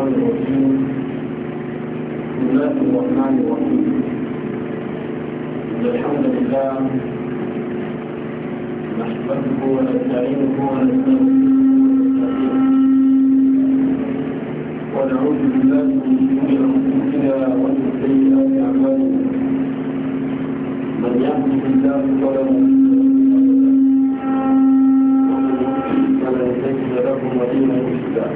بسم الله الحمد لله نحمده ونستعينه ونستغفره ونعوذ بالله من شرور انفسنا ومن سيئات اعمالنا من يهده الله فلا مضل له ومن يضلل فلن تجد له وليا مرشدا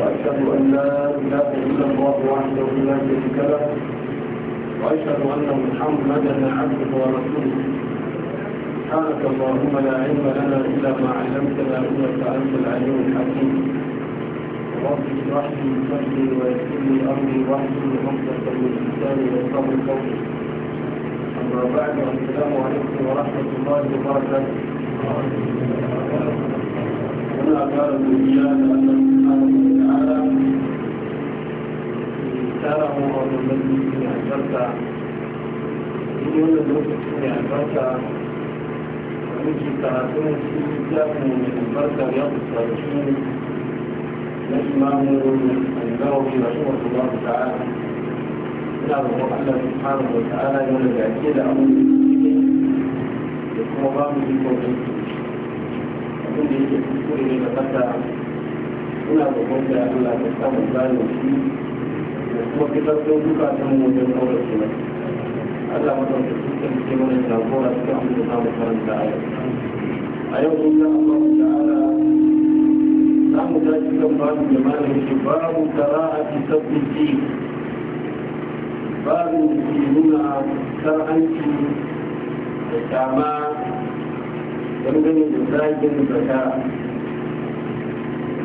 وأشهد أن لا إله إلا الله وحده لا شريك له وأشهد أن محمدا عبده ورسوله سبحانك اللهم لا علم لنا إلا ما علمتنا إنك أنت العليم الحكيم رب اشرح لي صدري ويسر لي أمري واحلل عقدة من لساني يفقهوا قولي أما بعد السلام عليكم ورحمة الله وبركاته ربنا أبارك إيانا أنه سبحانه وتعالى اختاره رب المسجد من أجبرك دون الوقت من أجبرك ومجي تراثون السجدات من أجبرك رياض الصالحين نجمعه النووي رحمه الله تعالى إلى الله سبحانه وتعالى يولد أكيد أمر المسجدين يكون رامي بكم abin da yake kuskure ne da Allah samu shi da kuma duka mu Allah ke mana da karanta a yau a yau in ga Allah ta'ala za mu kan babu da shi babu qara'ati sabbi babu ke nuna da kyama dangane da zagin zaka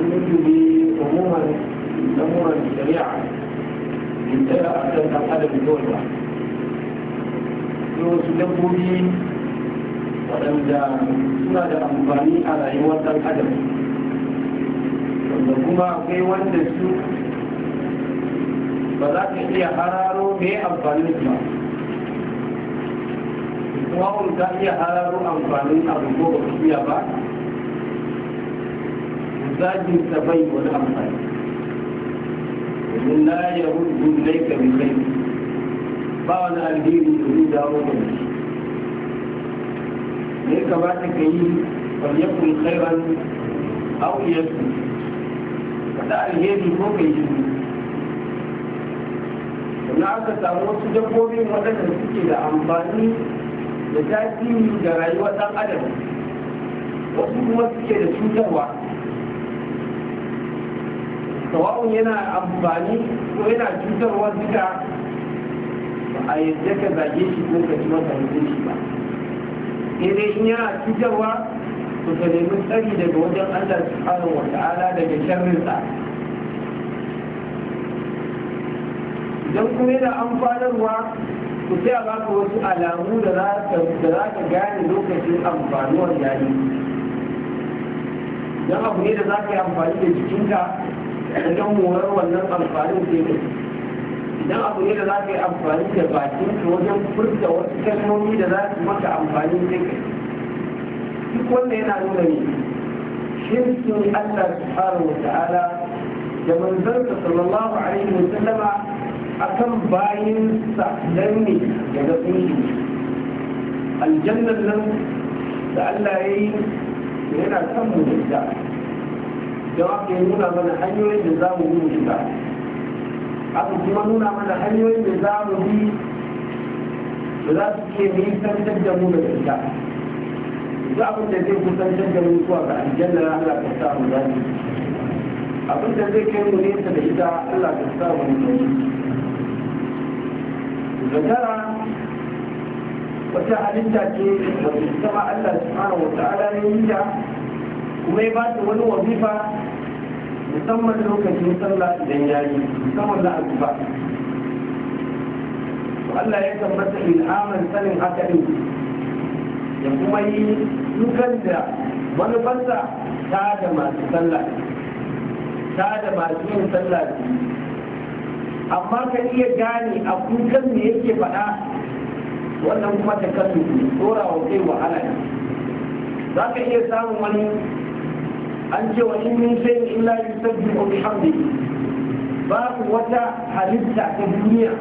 nufi umuman lamuran shari'a in tsaya a kan ɗan adam kawai ba wasu dabbobi waɗanda suna da amfani a rayuwar ɗan adam wanda kuma akwai wanda su ba za ka iya hararo mai amfani su ba wawon ta iya hararo amfanin abu ko ba su iya ba zagin ta bai wani amfani domin la ya hudu ne ka bi kai ba wani alheri da zai dawo da shi ne kamata ka yi falyakun khairan aw yasu kada alheri ko ka yi sannan aka samu wasu dabbobin waɗanda suke da amfani da tasiri da rayuwar ɗan adam wasu kuma suke da cutarwa tawa'un yana amfani ko yana cutarwa duka ba a yadda ka zage shi ko ka ci masa shi ba sai in yana cutarwa ku ka nemi tsari daga wajen Allah subhanahu wa ta'ala daga sharrinsa idan kuma yana amfanarwa ku sai ba baka wasu alamu da za ka gane lokacin amfanuwar yayi don abu ne da za ka yi amfani da jikinka don morar wannan amfanin ke ne idan abu ne da za ka yi amfani da bakinka wajen furta wasu kalmomi da za su maka amfani sai ka duk wanda yana nuna ne shirkin Allah subhanahu wa ta'ala da manzon sallallahu alaihi wa sallama akan bayin sa nan ne ya ga sun shi aljannan nan da Allah ya yi yana kan mu da ita don haka ya nuna mana hanyoyin da za mu yi shiga haka kuma nuna mana hanyoyin da za mu bi da za su ke nisantar da mu da ita za mu da zai kusantar da mu zuwa ga aljanna Allah ta samu zafi abin da zai kai mu nesa da ita Allah ta sa mu zakara wata halitta ce wata sama Allah subhanahu wa ta'ala ya yi kuma ya ba ta wani wazifa musamman lokacin sallah idan ya yi musamman da azuba to Allah ya tabbata ilhaman sanin haka din ya kuma yi dukan da manufarsa ta da masu sallah ta da masu yin sallah amma ka iya gane a kukan me yake faɗa wannan kuma ta kasu tsora wa kai wahala ne za ka iya samun wani an ce wa in min shay'in illa hamdi bihamdihi babu wata halitta ta duniya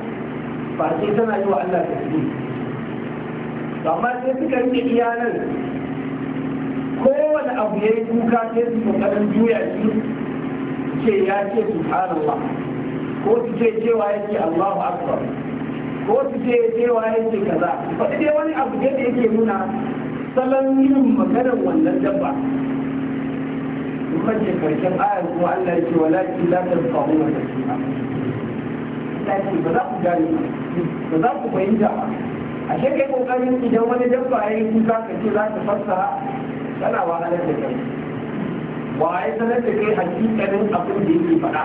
ba ce tana yi wa Allah ta fi amma sai suka iya nan kowane abu ya yi kuka sai su kokarin juya shi ce ya ce subhanallah ko su ce cewa yake Allahu akbar ko su ce cewa yake kaza faɗi dai wani abu da yake nuna salon yin maganar wannan dabba mace karshen ayar kuma Allah ya ce walakin la tarfa'u wa tasbiha tashi ba za ku gane ba za ku fahimta ba a shi kai kokarin idan wani dabba ya yi kuka ka ce za ka fassara tana wahalar da kai wa ya sanar da kai hakikanin abin da yake faɗa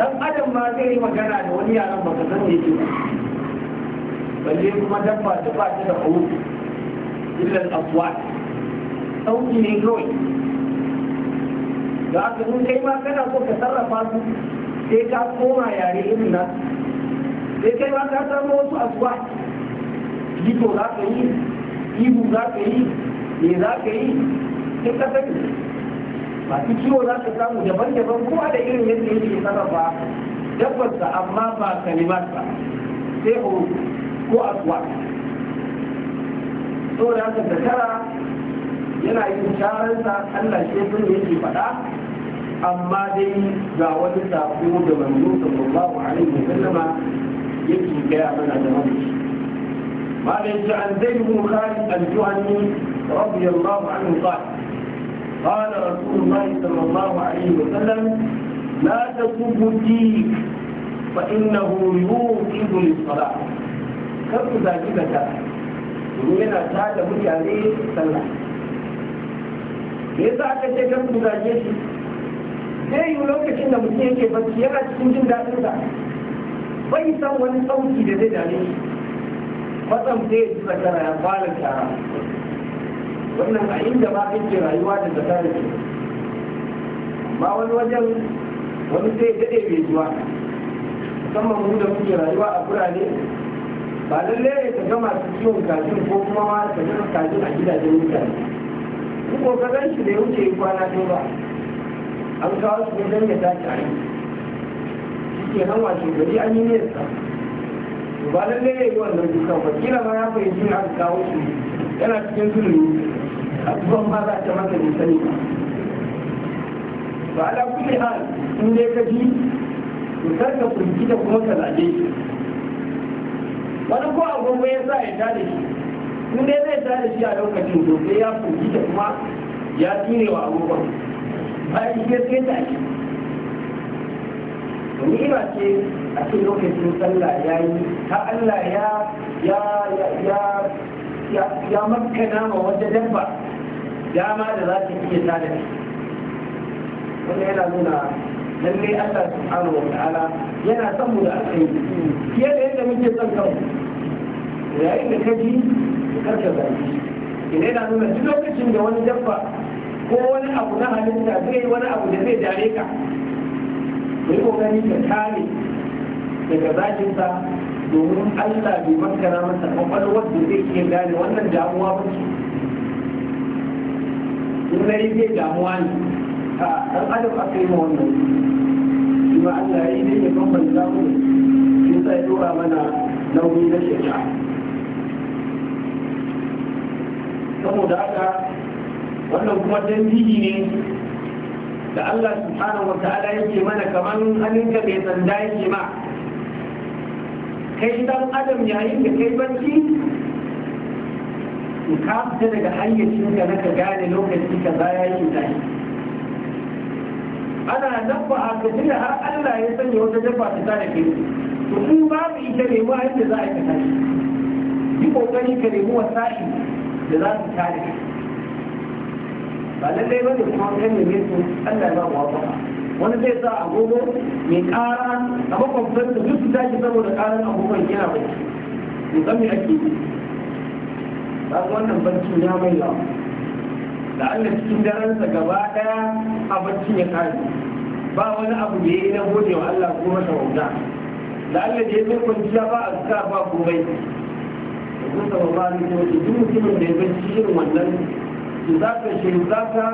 dan adam ma zai yi magana da wani yaran baka san me yake balle kuma dabba da ba ta da hudu illa al-aswat sauki ne kawai da aka nun kai ma kana so ka sarrafa su sai ka koma yare irin nan sai kai ma ka samu wasu aswat lito za ka yi ibu za ka yi me za ka yi sai ka sani masu kiwo za ka samu daban-daban kowa da irin yadda yake sarrafa dabbarsa amma ba kalimat ba sai horo ko So da haka tara, yana yin sharansa Allah shi sun yake faɗa amma dai ga wani sako da manzo sallallahu alaihi wa ya yake gaya mana da mabishi ما ليس عن زيد بن خالد الجهني رضي الله عنه قال قال رسول الله صلى الله عليه وسلم لا تسبوا الدين فإنه يوقظ للصلاة كم ذلك domin yana tada mutane عليه yasa aka ce kan ku zage sai yi lokacin da mutum yake bacci yana cikin jin daɗin sa bai san wani sauki da zai dame shi kwatsam sai ya ji tsakara ya fara shara wannan a inda ba ake rayuwa da zaka da ke ba wani wajen wani sai daɗe mai zuwa musamman mu da muke rayuwa a birane ba lallai ne ka gama su ciwon kajin ko kuma ma ka gama kajin a gidajen mutane ko ka gan shi da ya wuce kwana ɗaya ba an kawo su ne don ya tashi a yi shi ke nan wa shugabi an yi nesa ba lallai ya yi wannan dukan ba kila ma ya fahimci na kawo shi yana cikin zulumi addu'an ma za ta maka ne sani ba ala kulli hal in dai ka ji to kar ka kunci da kuma ka zage shi wani ko agogo ya sa ya tada shi in dai zai tada shi a lokacin to sai ya kunci da kuma ya tsire wa agogon bayan shi ya sai ta shi ni'ima ce a cikin lokacin sallah ya yi ta Allah ya ya ya ya ya makana ma wata dabba dama da za ta iya da shi wanda yana nuna lallai Allah subhanahu wa ta'ala yana son mu da yi fiye da yadda muke son kanmu yayin da kaji ka karka zaki ina yana nuna duk lokacin da wani dabba ko wani abu na halitta zai wani abu da zai dare ka ka yi kokari ka kare daga zakinsa domin Allah bai makara masa kwakwalwar da zai iya gane wannan damuwa ba ce nai zai damuwa ne a ɗan adam aka yi ma wannan shi Allah ya yi ne ya bambanta mu shi sa ya dora mana nauyi na shekara saboda haka wannan kuma dandihi ne da Allah subhanahu wa ta'ala yake mana kamar hannunka mai sanda yake ma kai dan adam yayin da kai barci to ka fita daga hayyacinka na ka gane lokaci ka baya yi tashi ana dafa a kaji da har Allah ya sanya wata dafa ta tare ke to ku babu ita ne mu yadda za a yi tashi yi kokari ka nemi wasa'i da za su tare ke ba lallai bane kuma kan ne su Allah ya ba mu wafa wani zai sa agogo mai ƙara a makwabtar da duk su tashi saboda ƙarar agogon yana bai musamman ake yi ba wannan barci ya mai yawa da Allah cikin daransa gaba daya a barcin ya kare ba wani abu da ya yi na gode wa Allah ko mata wauta da Allah da ya mai kwanciya ba a suka ba komai da kusa ba ba ni kuma duk mutumin da ya barci irin wannan su za ka shirin za ka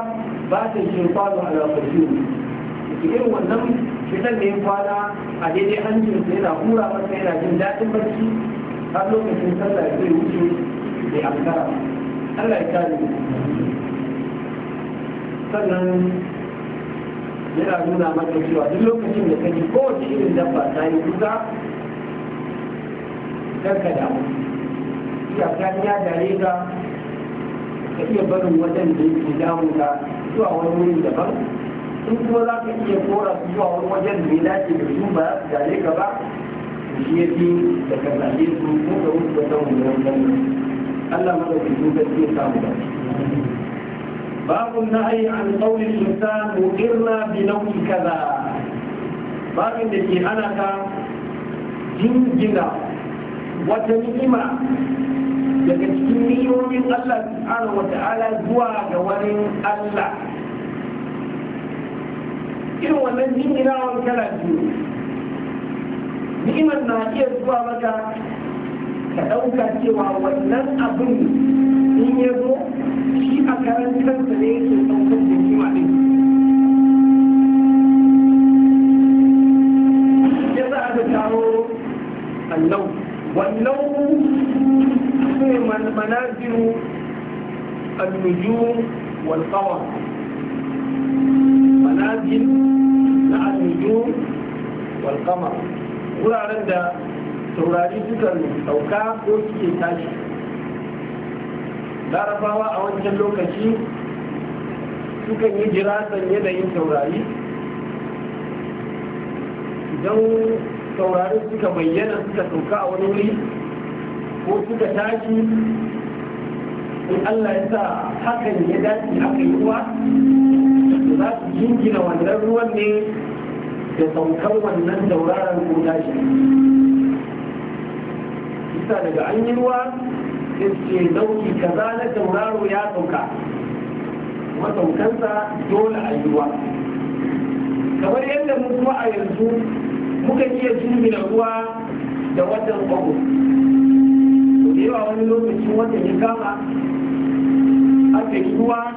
ba ta shirin kwano a lafashi irin wannan fitan da ya kwana a daidai hancin yana hura masa yana jin daɗin barci har lokacin sallah zai wuce bai amsa Allah ya kare sannan yana nuna maka cewa duk lokacin da kake kowace irin dabba ta yi duka, kar ka damu iya ka ya dare ka ka iya barin wajen da yake damu ka zuwa wani wurin daban in kuma za ka iya kora su zuwa wani wajen da ya dace da su ba za dare ka ba shi ya fi da ka zaɓe su ko ka wuce wajen wani wajen Allah madaukakin sarki ya samu da babun na'ayi an qawli sultan mudirna bi nau'i kaza babin da ke hana ka jingina wata ni'ima daga cikin ni'imomin Allah subhanahu wa ta'ala zuwa ga wani Allah irin wannan jinginawan kana biyu ni'imar na iya zuwa maka ka ɗauka cewa wannan abin in ya zo shi a karan kansa ne yake ɗaukar da kima ɗin ya za a kawo allau wannan su ne manaziru النجوم والقمر منازل مع النجوم والقمر ولا عند taurari sukan dauka ko suke tashi larabawa a wancan lokaci sukan yi da yanayin taurari idan taurari suka bayyana suka sauka a wani wuri ko suka tashi in Allah ya sa hakan ya dace haka yi ruwa za su jingina wannan ruwan ne da saukar wannan tauraron ko tashi kisa daga an yi ruwa ce dauki kaza na tauraro ya sauka masaukansa dole a yi ruwa kamar yadda mu kuma a yanzu muka iya jumina ruwa da watan agu da yawa wani lokacin watan ya kama aka yi ruwa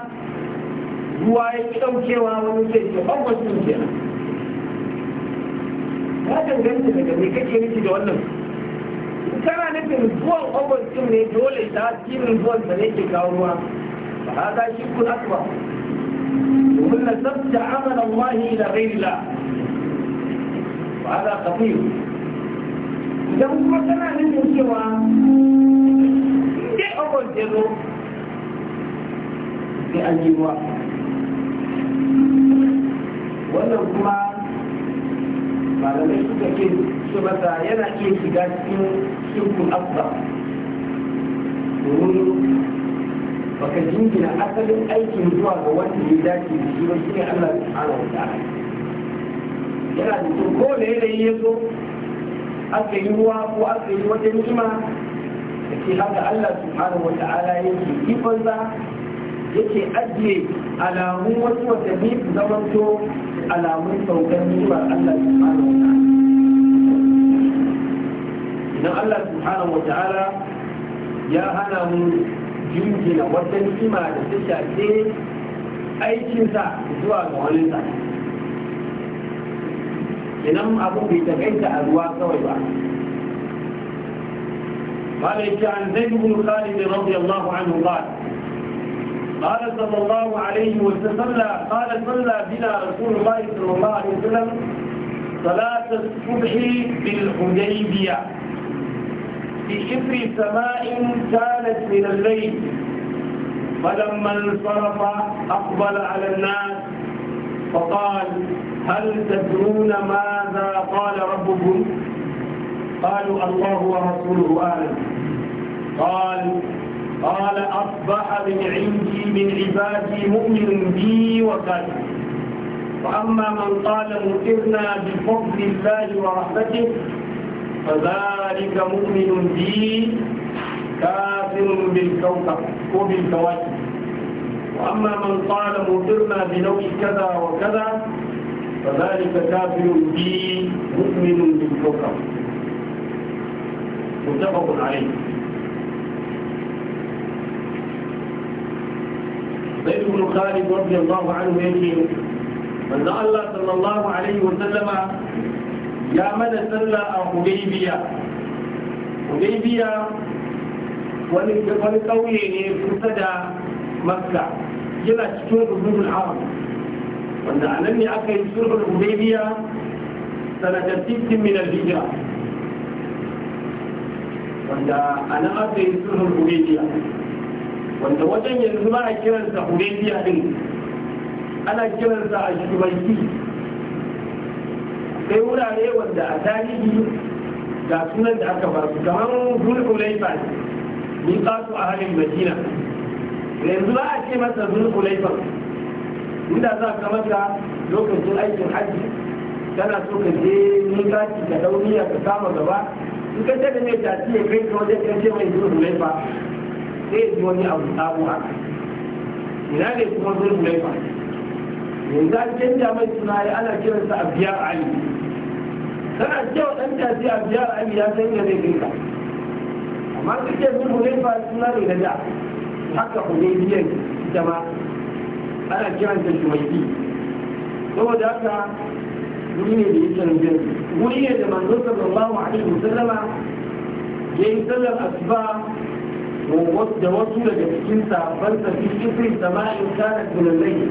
ruwa ya ki ɗaukewa wani sai ya bangon sun kenan ya danganta daga me kake nufi da wannan kana nufin zuwan awon din ne dole ta cikin zuwan sa ne kawo ruwa ba haka shi kun akbar domin na sabta amana wahi ila ghairila ba haka kafir idan kuma kana nufin cewa sai awon ya zo sai an yi ruwa wannan kuma malamai suka ke su masa yana iya shiga cikin shirkun abba domin baka jingina asalin aikin zuwa ga wanda ya dace da shi wani ne Allah subhanahu wa ta'ala yana da to ko da yanayi ya zo aka yi ruwa ko aka yi wata ni'ima da ke haka Allah subhanahu wa ta'ala yake ya ke ajiye alamun wasu watanni su zamanto alamun saukar ni'imar Allah subhanahu wa ta'ala idan Allah subhanahu wa ta'ala ya hana mu jingina wata ni'ima da ta shafe aikinsa zuwa ga wani idan abu bai takaita a ruwa kawai ba قال عن زيد بن خالد رضي الله عنه ba. قال صلى الله عليه وسلم قال صلى بنا رسول الله صلى الله عليه وسلم صلاة الصبح بالحديبية في شفر سماء كانت من الليل فلما انصرف أقبل على الناس فقال هل تدرون ماذا قال ربكم قالوا الله ورسوله أعلم قال قال أصبح من عندي من عبادي مؤمن بي وكافر وأما من قال مؤمنا بفضل الله ورحمته فذلك مؤمن بي كافر بالكوكب وبالكواكب وأما من قال مؤمنا بنوع كذا وكذا فذلك كافر بي مؤمن بالكوكب متفق عليه zai ibn khalid radiyallahu anhu yake manzo Allah sallallahu ya mana sallah a Hudaybiya Hudaybiya wani wani kauye ne kusa da Makka yana cikin rubul arab wanda nan ne aka yi sulhul Hudaybiya sanadar sittin min al wanda wanda anan aka yi sulhul Hudaybiya wanda wajen yanzu ba a kiransa hudaybiya din ana kiransa a shugabanci sai wurare wanda a tarihi ga sunan da aka bar su kamar ne ni kasu a halin madina yanzu ba a ce masa zulhulaifa inda za ka mata lokacin aikin hajji tana so ka je mikati ka dauniya ka kama gaba in ka ce da mai tafi ya kai ka wajen kan ce mai zulhulaifa Sai ji wani abu sabuwa a kai ina ne kuma zai hulaifa yanzu an canja mai suna ya ana kiransa a biyar ali kana wa ɗan tafi a biyar ali ya san yadda zai dinka amma su ke zai ba suna ne na da haka ne ita ma ana kiranta shumaki saboda haka wuri ne da yake rubin wuri ne da manzo sallallahu alaihi wasallama ya yi sallar asuba da wasu daga cikin sahabban sa fi kifin sama'in kanar tunanai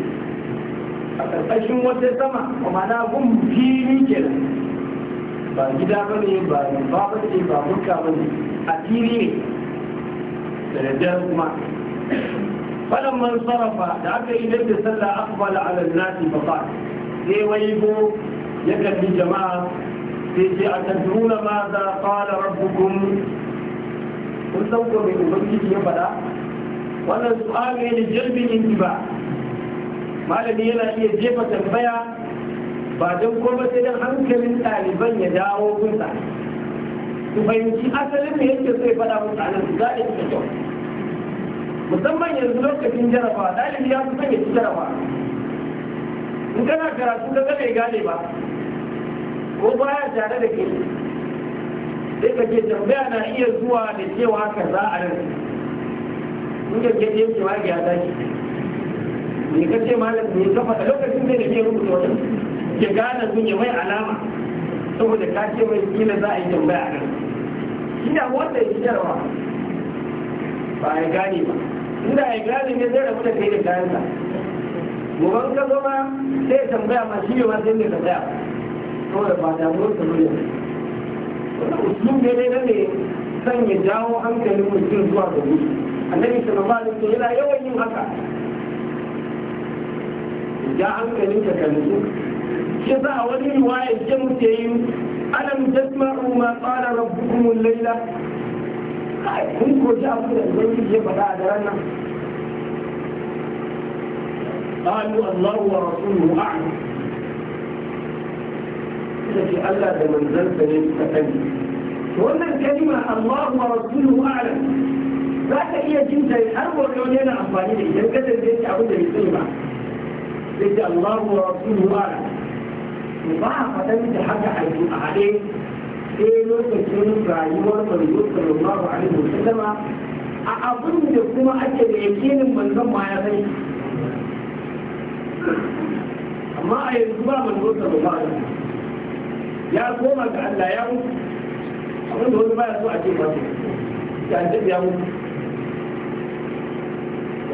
a ƙarƙashin wata sama kuma na gun fili kenan ba gida ba ne ba ba ba ce ba burka ba ne a fili ne da daddare kuma falan man sarrafa da aka yi da sallah akbala ala nasi ba ba sai waigo ya kalli jama'a sai ce a tattaluna ma za qala rabbukum kun san ko mai ubangiji ya faɗa wannan su'ali ne jalbin intiba malami yana iya jefa tambaya ba don kuma sai don hankalin ɗaliban ya dawo kunsa su fahimci asalin da yake sai faɗa musu anan su zaɗe su kyau musamman yanzu lokacin jarafa ɗalibi ya fi son ya ci jaraba in kana karatu ka ga bai gane ba ko baya tare da ke sai ka ce tambaya na iya zuwa da cewa ka za a nan in ka ce ce ma ya tashi ne ka ce ma ne ka faɗa lokacin zai da ke rubuta wani ke gane sun yi mai alama saboda ka ce mai kila za a yi tambaya a shi ina wanda ya jarawa. ba ya gane ba inda ya gane ne zai rabu da kai da kayansa gobe ka zo ma sai tambaya ma shi ne ma sai ne tambaya saboda ba damuwar ta nuna uslub ne na ne ya jawo hankalin mutum zuwa ga mutum annabi sallallahu alaihi wasallam yana yawan yin haka ja hankalin ka kallu shi za a wani riwaya ce muke yi alam tasma'u ma qala rabbukum al-laila kai kun ko ji abu da ubangiji ya faɗa a daren nan قالوا الله ورسوله اعلم منزلتك ألا بمنزلت نفسك وأن الكلمة الله ورسوله أعلم ذات هي جنسة الحرب والعنيان أصبحي لك لن قدر تعود أبدا بسلمة لك الله ورسوله أعلم مضاعفة أنت حتى حيث أعليه إيه نوت الشيء في عيوان فريوت صلى الله عليه وسلم أعظم جسما أجل يكين من ذنب عيضي أما أعيه كما من نوت الله عليه وسلم ya koma ga Allah ya mutu abin da wani baya so a ce su ya ce ya mutu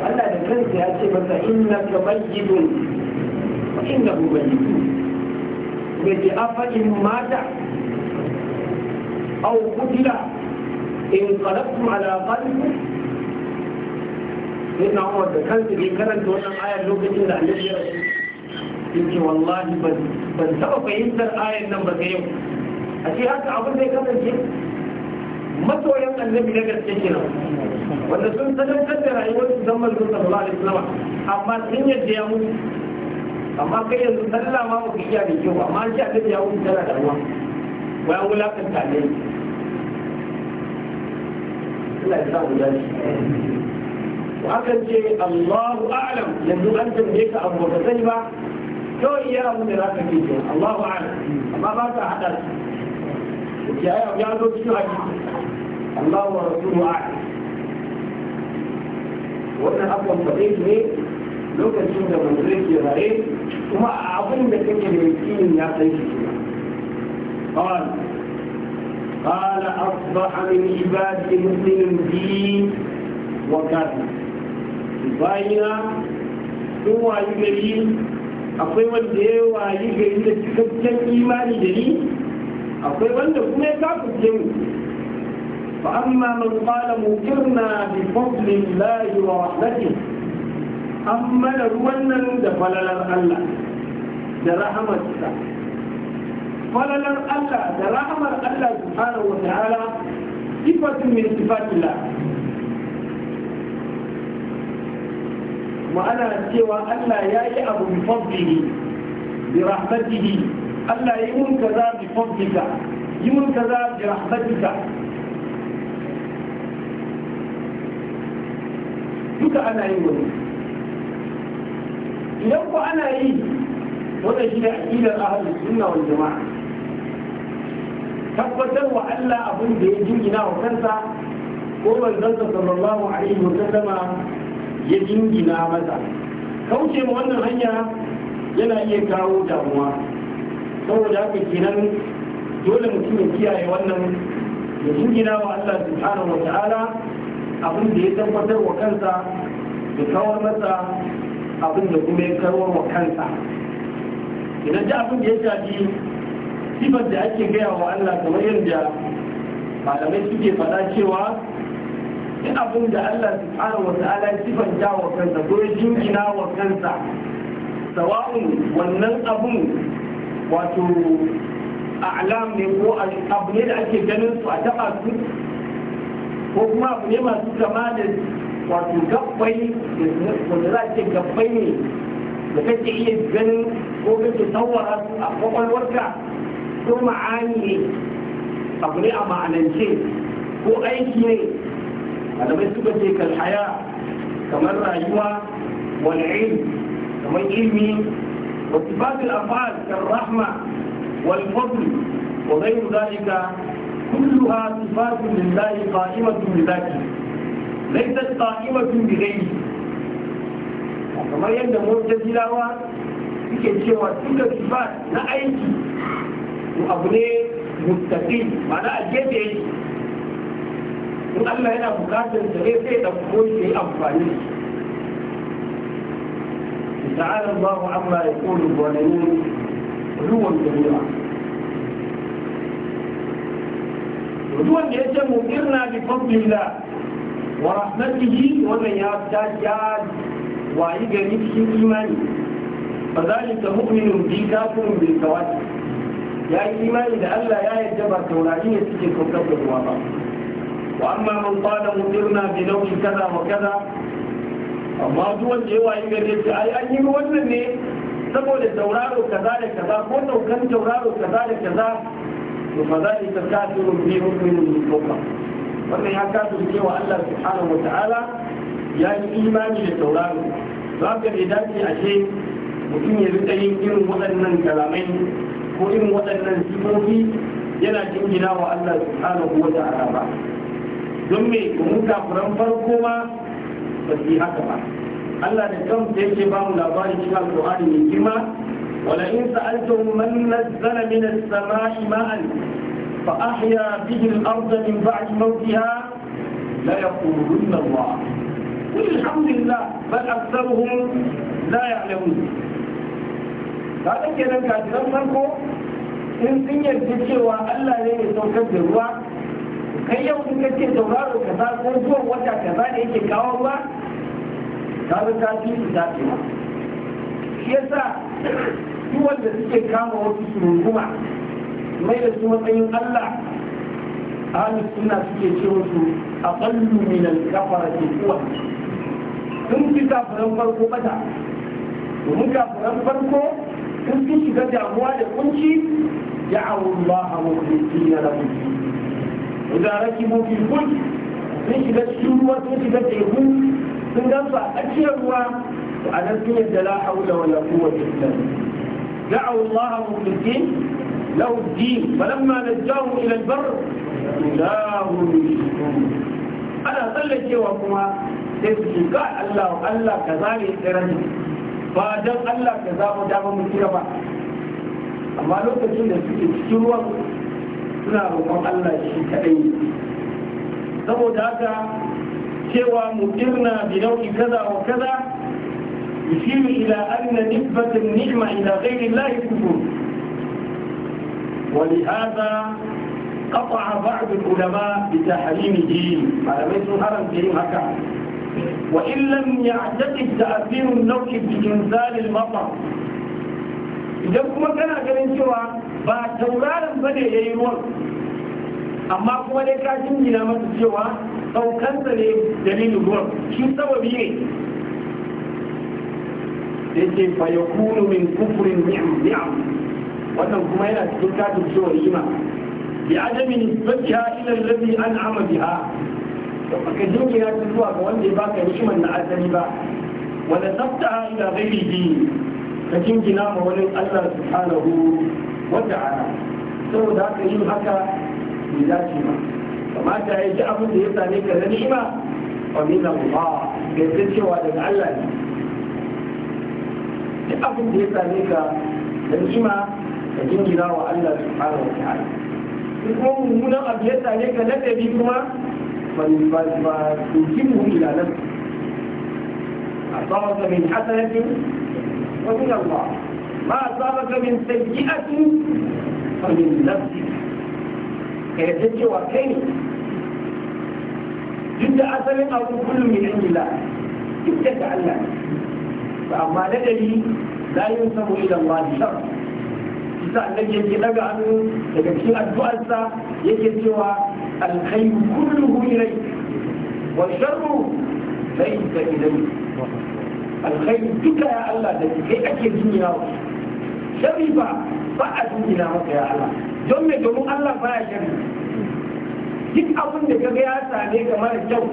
Allah da kansa ya ce masa inna ka mayyidun wa inna hu mayyidun bai ce afa in mata aw kutila in qalabtum ala qalbi sai na umar da kansa bai karanta wannan ayar lokacin da annabi ya rasu ce wallahi ban taba fahimtar ayan nan ba ta yau a ce haka abin zai kasance masoyan annabi na gaske kenan wanda sun sadaukar da rayuwar su dan manzon sallallahu da wasallam amma sun yadda ya mutu amma kai yanzu sallah ma mu kiyaye da kyau amma an ce annabi ya mutu tana da ruwa bayan wulakanta ne Allah ya sa mu dace akan ce Allahu a'lam yanzu an tambaye ka abu ba sani ba yau iya abu za ka ke yau Allahu a'lam amma ba ka hada su ya ya zo cikin hadisi Allahu wa rasuluhu a'lam wannan abubuwan faɗe ne lokacin da manzo yake raye kuma abin da kake da yakinin ya san shi قال قال أصبح من عبادي مسلم دين وكافر باينا هو يدري akwai wanda ya wayi gari da cikakken imani da ni akwai wanda kuma ya kafurce mu fa amma man qala mukirna bi llahi wa rahmatihi amma da ruwan nan da falalar Allah da rahamarsa falalar Allah da rahamar Allah subhanahu wa ta'ala sifatun min sifatillah wa ana cewa Allah ya yi abu bi fadlihi bi rahmatihi Allah yi mun kaza bi fadlika yi mun kaza bi rahmatika duka ana yi wani idan ku ana yi wannan shi ne aqidar ahlus sunna wal jama'a tabbatar wa Allah abin da ya jingina wa kansa ko manzon sallallahu alaihi wa sallama ya jingina masa kauce ma wannan hanya yana iya kawo damuwa saboda haka kenan dole mutum ya kiyaye wannan ya jingina wa Allah subhanahu wa ta'ala abin da ya tabbatar wa kansa da kawar masa abin da kuma ya karwar wa kansa idan da abin da ya shafi sifar da ake gaya wa Allah kamar yadda malamai suke faɗa cewa duk abin da Allah su tsara wa ta'ala ya sifanta wa kansa ko ya jinkina wa kansa sawa'un wannan abun wato a'lam ne ko abu ne da ake ganin su a taba su ko kuma abu ne masu kama da wato gabbai wanda za a ce gabbai ne da kake iya ganin ko kake tawara su a kwakwalwarka ko ma'ani ne abu ne a ma'anance ko aiki ne malamai suka ce kal haya kamar rayuwa wal ilm kamar ilmi wa sifatul afal kal rahma wal fadl wa ghayru dhalika كلها صفات لله قائمة بذاته ليست قائمة بغيره kamar yadda mutazilawa suke cewa duka sifat na aiki abu ne mustaqil ma'ana a gefe yake in Allah yana bukatar da ne sai da ko shi amfani تعالى الله عما يقول الظالمون علوا كبيرا علوا يجب مقرنا بفضل الله ورحمته ومن يرتجل ويجب في إيمانه فذلك مؤمن بي كافر بالكواكب يا إيماني لألا يا يجب أن تولعين يسجل كوكب الوضع واما من قال مطرنا بنوع كذا وكذا amma duk wanda ya wayi gare shi ai an yi wannan ne saboda tauraro kaza da kaza ko daukan tauraro kaza da kaza to fa zalika kafirun bi hukmin mutlaq wannan ya kafir cewa Allah subhanahu wa ta'ala ya yi imani da tauraro za ka ne dace ashe mutum ya rika yin irin waɗannan kalamai ko irin waɗannan sifofi yana jingina wa Allah subhanahu ta'ala ba don me kuma kafiran farko ma ba su yi haka ba Allah da kansa yake ba mu labarin cikin alƙur'ani mai girma wala in sa'altum man nazzala min as-sama'i ma'an fa ahya bihi al-ardha min ba'di mawtiha la yaqulunna Allah qul alhamdulillah bal aktharuhum la ya'lamun kaga kenan kafiran farko in sun yarda cewa Allah ne ya saukar da ruwa kai yau kun kace tauraro sa ko zuwa wata za da yake kawo ba ka ga ta fi su dace ba shi yasa duk wanda suke kama wasu runguma mai da su matsayin Allah ahlus suna suke ce ɓallu mai nan kafara ke kuwa sun fi kafaran farko bata domin kafaran farko sun fi shiga damuwa da kunci ya'awullahu mukhlisina lahu idan rakibu fil fulk sun shiga cikin ruwa sun shiga teku sun gamsa a tsakiyar ruwa to a nan sun yadda la haula wala quwwata illa billah دعوا الله مخلصين له الدين فلما نجاهم الى البر اذا ana يشركون انا tsallake kuma sai su shuka Allah Allah kaza ne tsirani ba dan Allah kaza mu da mu kira ba amma lokacin da suke cikin ruwan suna roƙon Allah shi kaɗai saboda haka cewa mutirna bi nau'i kaza wa kaza yushiru ila anna nisbatan ni'ma ila ghairi Allah kufur ولهذا قطع بعض العلماء بتحريمه على مثل حرم كريم هكذا وإن لم يعتقد تأثير النوع بإنزال المطر idan kuma kana ganin cewa ba tauraron ba ne ya yi ruwan amma kuma dai ka jingina masa cewa saukansa ne dalilin ruwan shi sababi ne yake fa ya kunu min kufurin ni'am wannan kuma yana cikin kafin cewa ima bi adami nisbatiha ila allazi an'ama biha to baka jingina ta zuwa ga wanda ya baka ni'imar na asali ba wala tabtaha ila ghairihi ka jinjina ma wani Allah subhanahu wa ta'ala saboda haka yin haka bai dace ba kamata ya ji abin da ya same ka na ni'ima wa min Allah ga ta cewa daga Allah ne duk abin da ya same ka na ni'ima ka jinjina wa Allah subhanahu wa ta'ala kuma mummunan abu ya same ka na ɗabi kuma ba tukin mu ila nan a tsawon min hasanatu فمن الله ما أصابك من سيئة فمن نفسك كيف وكيف duk da asalin abu kullum min indila duk da ga Allah ba amma nadari la yin samu ila Allah shar yake daga hannu daga cikin addu'arsa yake cewa alkhayru kulluhu ilayk wa sharru laysa ilayk alkhairi duka ya Allah da kai ake duniya wa shari ba ba a duniya maka ya Allah don me domin Allah baya shari duk abin da kaga ya same ka mara kyau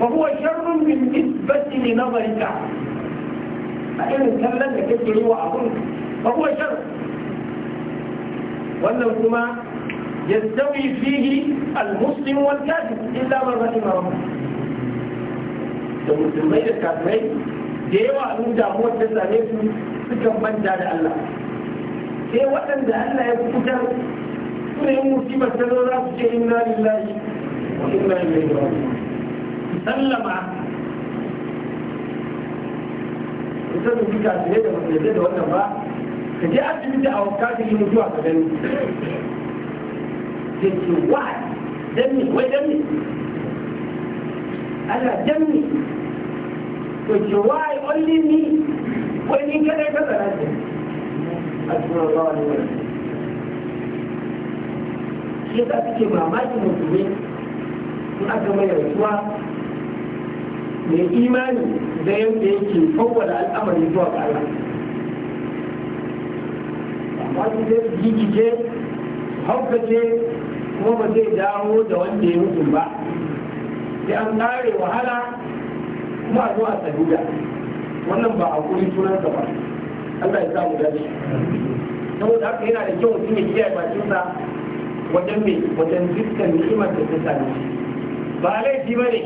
fa huwa sharrun min isbati li nazarika a irin kallon da kake yi wa abun fa huwa sharr wannan kuma يستوي فيه المسلم والكافر إلا من رحم ربه المسلمين الكافرين da yawa sun damuwar da same su sukan manta da Allah sai waɗanda Allah ya fitar su ne musibar ta zo za su ce inna lillahi wa inna ilaihi raji'un sallama ita fita su ne da mutum da wannan ba ka je asibiti a wakati yi mutuwa ka gani da ke wa danni wai danni Allah danni. So July only means when you get into the That's shi yasa suke mamakin musulmi in aka mai rasuwa mai imani da yadda yake kowane al'amari zuwa ga Allah amma su zai gigice haukace kuma ba zai dawo da wanda ya mutu ba sai an kare wahala a zuwa saduda wannan ba a kuri sunansa ba Allah ya samu dace saboda haka yana da kyau mutum ya kiyaye bakinsa wajen me wajen dukkan ni'imar da ta same ba laifi ba ne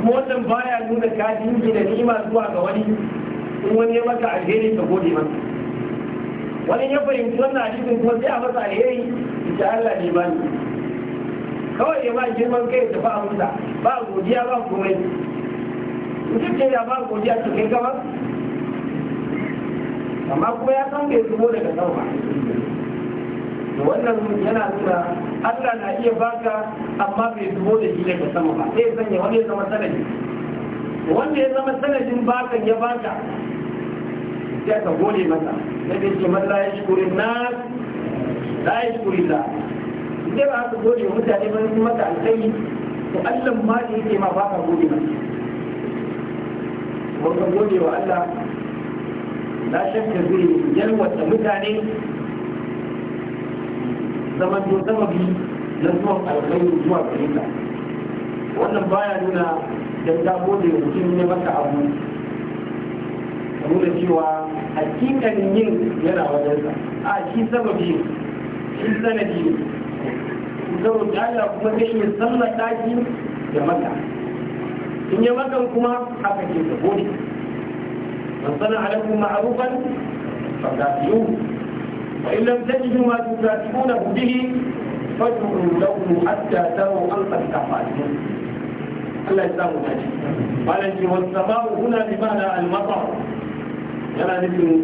kuma wannan baya nuna ka da ni'ima zuwa ga wani in wani ya maka alheri ka gode masa wani ya fahimci wannan hadisin kuma sai a masa alheri insha Allah ne ba ni kawai ya ma girman kai da ba amsa ba godiya ba komai mutum ce da ba godiya to kai gaba amma kuma ya san bai zubo daga sama to wannan yana nuna Allah na iya baka amma bai zubo da shi daga sama ba sai sanya wani ya zama sanadi wanda ya zama sanadin baka ya baka sai ka gode masa na da ke man layan shukurin na ya shukuri da idan ba ka gode wa mutane ba su maka alkai to Allah ma da yake ma baka gode masa mun ga gode wa Allah la shakka zai yalwata mutane zaman to sababi na zuwan alkhairu zuwa gare ka wannan baya nuna dan da gode mutum ne maka abu ka nuna cewa hakikanin yin yana wajen wajensa a shi zama sababi shi sanadi saboda Allah kuma zai iya sallata shi da maka إن يمكنكما حفظ يتبوني من صنع لكم معروفا فكاتبوه وإن لم تجدوا ما تكاتبونه به فجروا له حتى تروا أنت الكفاتب الله يسلم الحجي قال إنه والسماء هنا بمعنى المطر يلا نسل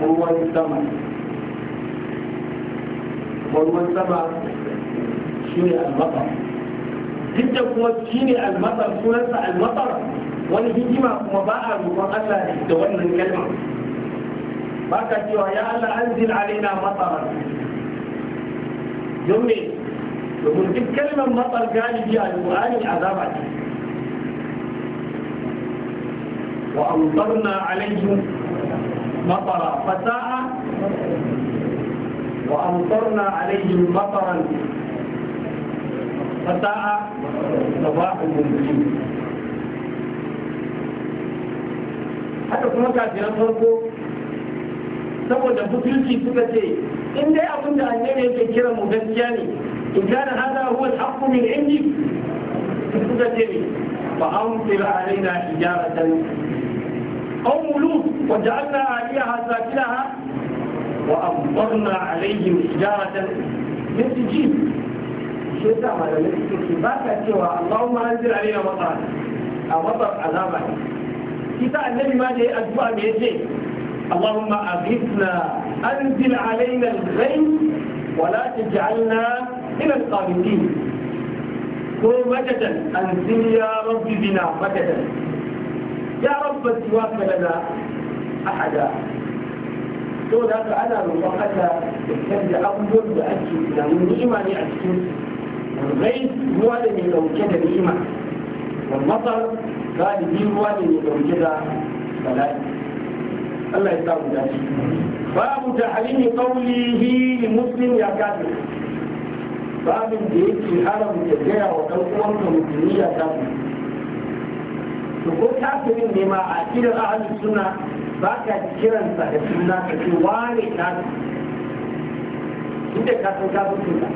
مروى السماء مروى السماء شيء المطر duk da kuma shi ne almatar sunansa almatar wani hikima kuma ba a roƙon Allah da wannan kalma ba ka cewa ya Allah anzil alaina matara don ne domin duk kalmar matar galibi a Qur'ani azaba ce wa amtarna alaihim matara fasaha wa amtarna alaihim mataran فساء صباح المسلمين haka kuma kafiran farko saboda butulci suka ce in dai abin da annabi yake kira mu gaskiya ne in kana hada huwa al-haqqu min indi suka ce ne fa amtir alaina hijaratan aw mulu wa ja'alna aliyaha sakinaha wa amtarna alaihim hijaratan min sijil شتى ولا ملك كتابة سوى اللهم أنزل علينا مطر أمطر عذابك كتاب النبي ما جاي أدواء بيجي اللهم أغثنا أنزل علينا الغيث ولا تجعلنا من القانتين قل مجدا أنزل يا رب بنا مجدا يا رب سواك لنا أحدا تقول هذا على من وقتها يتكلم أول من إيماني أجل rai ruwa da mai dauke da ni'ima wal matar galibi ruwa da mai dauke da bala'i Allah ya sa mu dace babu tahrimi qawlihi lil muslim ya kafir babin da yake haramta gaya wa dan uwanka musulmi ya kafir to ko kafirin ne ma a cikin ahlus sunna ba ka kiransa da sunna ka ce wane kafir inda ka san kafir sunna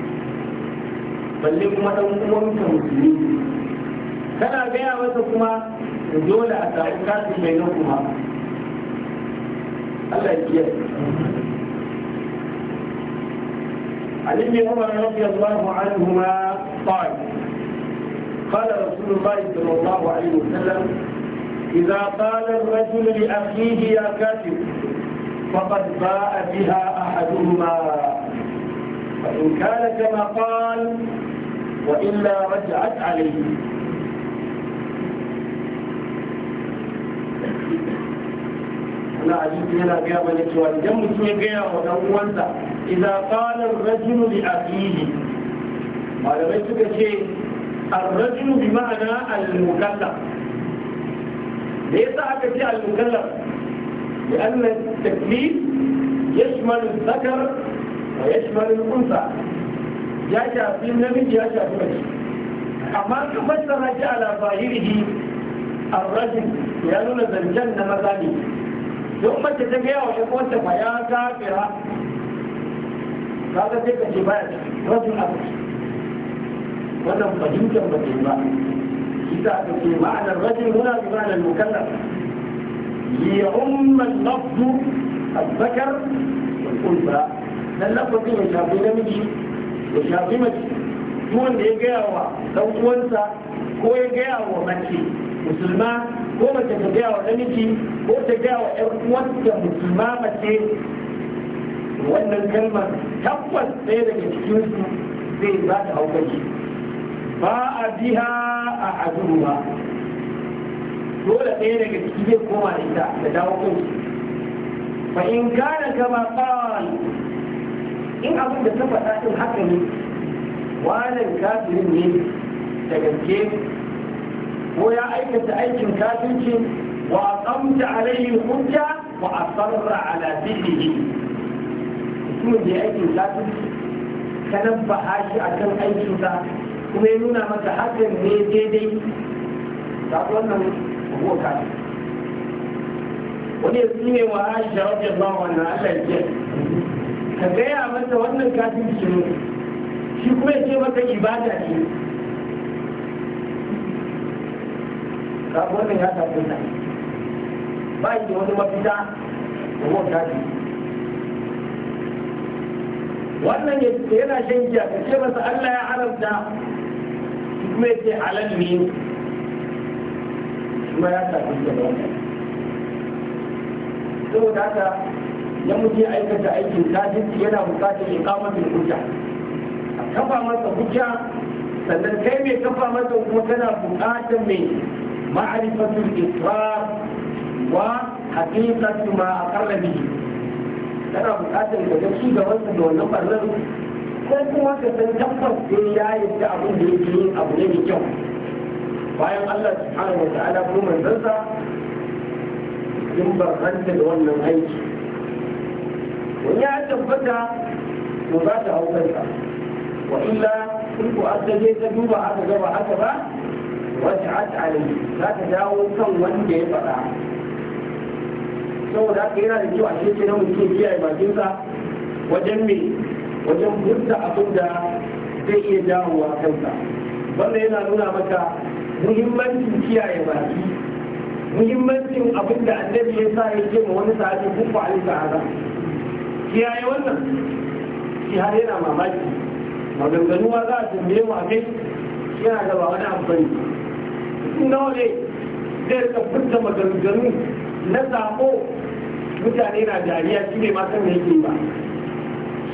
balle kuma ɗan uwanka musulmi kana gaya masa kuma dole a samu kasu mai nan kuma Allah ya kiyaye عن ابن عمر رضي الله عنهما قال قال رسول الله صلى الله عليه وسلم إذا قال الرجل لأخيه يا كاتب فقد باء بها أحدهما فإن كان كما قال وإلا رجعت عليه إذا قال الرجل لأخيه ما بيتك شيء الرجل بمعنى المكلف ليس أكد المكلف لأن التكليف يشمل الذكر ويشمل الأنثى ya shafi namiji ya shafi mace amma duk masara ji ala zahirihi arrajin ya nuna zancen na maza ne don mace ta gaya wa yan uwanta ba ya kafira kaga sai ka ce baya rajin abu wannan fahimtar ba ce ba kita ka ce ma'anar rajin muna bi ma'anar mukallaf ليعم اللفظ الذكر والأنثى ده اللفظ اللي شافوه ده ya shafi mace duk wanda ya gaya wa dan uwansa ko ya gaya wa mace musulma ko mace ta gaya wa namiji ko ta gaya wa ƴan uwanta musulma mace wannan kalmar tabbas ɗaya daga cikin su zai za ta haukaci ba a biha a azuruwa dole ɗaya daga ciki zai koma ita da dawo kansu fa in kana kama qal in abin da ta faɗa ɗin haka ne wanan kafirin ne da gaske ko ya aikata aikin kafirci wa tsamta alayhi hujja wa asarra ala fi'lihi mutumin da ya aikin kafirci ka ba shi akan aikinsa kuma ya nuna maka hakan ne daidai ba wannan huwa kafir wani ya tsine wa aisha rabbi Allah wannan Allah ka gaya mata wannan kafin ne shi kuma ya ce maka ibada ce ka wannan ya tafi ta ba yi da wani mafita da wani kafi wannan yana shan giya ka ce masa Allah ya haramta shi kuma ya ce halal ne shi ma ya tafi ta wannan saboda haka ya mutu ya aikata aikin kafirci yana bukatar iqamatul hujja a kafa masa hujja sannan kai mai kafa masa kuma kana bukatar mai ma'rifatul israr wa haqiqatu ma aqarra bihi kana bukatar ka ga ci gaban da wannan barnar ko kuma ka san tabbas sai ya yadda abin da yake yin abu ne mai kyau bayan Allah subhanahu wa ta'ala ko manzansa sun barkanta da wannan aiki ya tabbata to za ta hau kanka wa illa in ku an je ta duba aka ga ba haka ba waj'at alayhi za ta dawo kan wanda ya faɗa saboda haka yana da kyau a shi kenan mutum kiyaye bakinsa wajen me wajen burta abin da zai iya dawowa kansa wannan yana nuna maka muhimmancin kiyaye baki muhimmancin abin da annabi ya sa ya ce ma wani sahabi kun fa'alta haka shi ya yi wannan shi har yana mamaki maganganu ma za a tambaye mu a kai yana da ba wani amfani sun nawa ne zai rika furta maganganu na zaɓo mutane na dariya shi ne matan da yake ba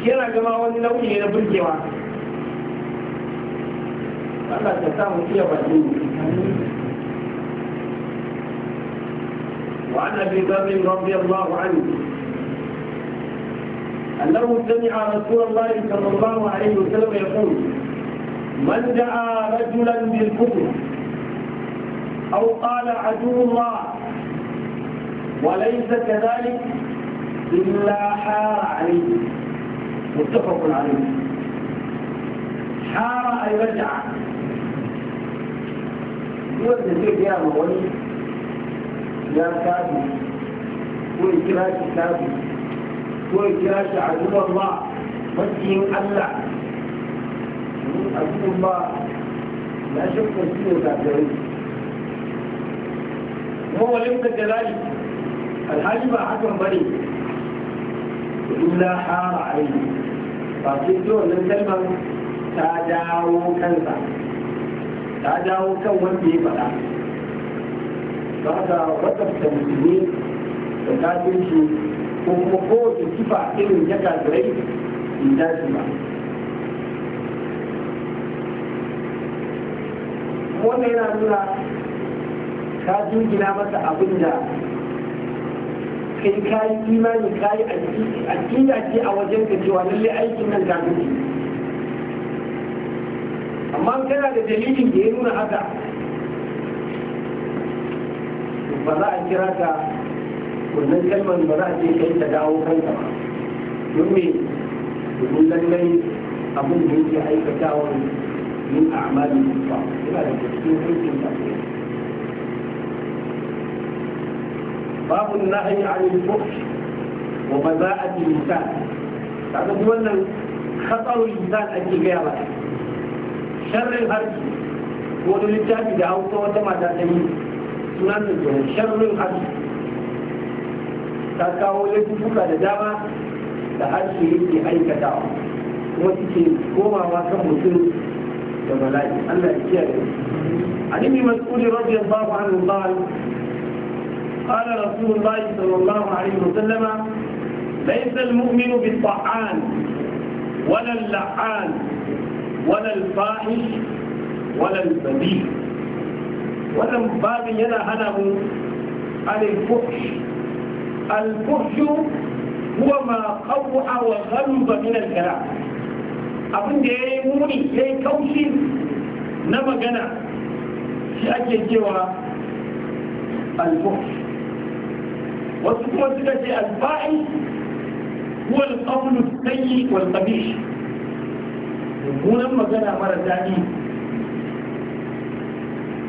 shi yana gama wani nau'i ne na burgewa Allah ta samu iya bakin وعن ابي ذر رضي الله عنه أنه سمع رسول الله صلى الله عليه وسلم يقول من دعا رجلا بالكفر أو قال عدو الله وليس كذلك إلا حار عليه متفق عليه حار أي رجع يوجد فيه يا مولي يا كافي وإكراك كافي kawai ya kira shi a zuban ba makiyin Allah a zuban ba na shakka shi ne zafirai kuma walin da jalali alhali ba hakan bane illa hara aini ba sai ce wannan kalmar ta dawo kansa ta dawo kan wanda ya faɗa ba ga wata musulmi da kafin shi ko kuma kowace kifa irin ya kafirai in dace ba wannan yana nuna ka jingina masa abin da kai ka yi imani ka yi aƙida ce a wajen ka cewa lalle aikin nan ka nufi amma kana da dalilin da ya nuna haka ba za a kira ka wannan kalmar ba za a ce kai ta dawo kanka ba don me domin lallai abin da yake aikatawa yin a'amali ba yana da cikin aikin sa babu ayi an yi fuhsh wa bazaa'ati ta kaga duk wannan khatarul lisan ake gaya ba sharrin ko da littafi da hausa wata mata ta yi sunan da sharrin harki ta kawo da dama da yake kuma suke komawa kan mutum da Allah ya kiyaye عن ابن مسعود رضي الله عنه قال قال رسول الله صلى الله عليه وسلم ليس المؤمن بالطعان ولا اللعان ولا الفاحش ولا البذيء ولم باب ينهنه عن الفحش الفحش هو ما قوع وغلب من الكلام abin da ya yi muni ya yi kaushi na magana shi ake cewa alfuhsh wasu kuma suka ce alfa'i huwa alqawlu sayyi wal qabih mummunan magana mara daɗi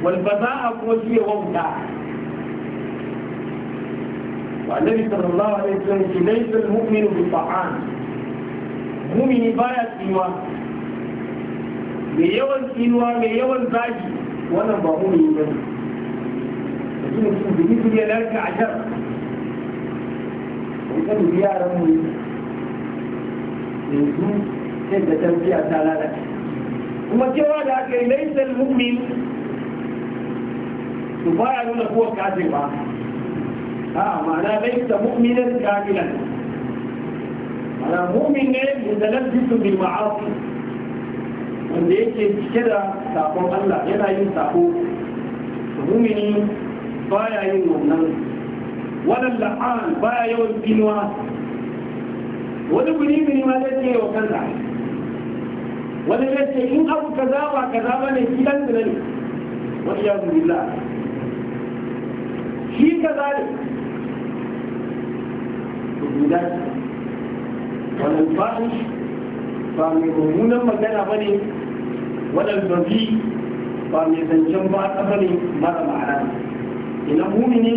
wal baza'a kuma shi ya wauta annabi sallallahu alaihi wasallam ce laysa al-mu'minu bi ta'an mu'mini baya tsinuwa mai yawan tsinuwa mai yawan zagi wannan ba mu'mini ba ne mutum mutum da yi duniya na rika ashar kun kan dubi yaran mu yanzu sai da kuma cewa da kowa kafir ba آه معناه ليس مؤمنا كاملا معناه مؤمن متلبس بالمعاصي wanda yake cike da sakon Allah yana yin sako mumini baya yin wannan wannan la'an baya yawan binuwa wani guri ma zai ce wa kansa wani zai ce in abu kaza ba kaza ba ne gidan da ne wani ya zubila shi kaza ne lura wannan fahish ba mai mummunan magana ba ne waɗanda bi ba mai zancen ba ta ba ne mara ma'ana ina mumini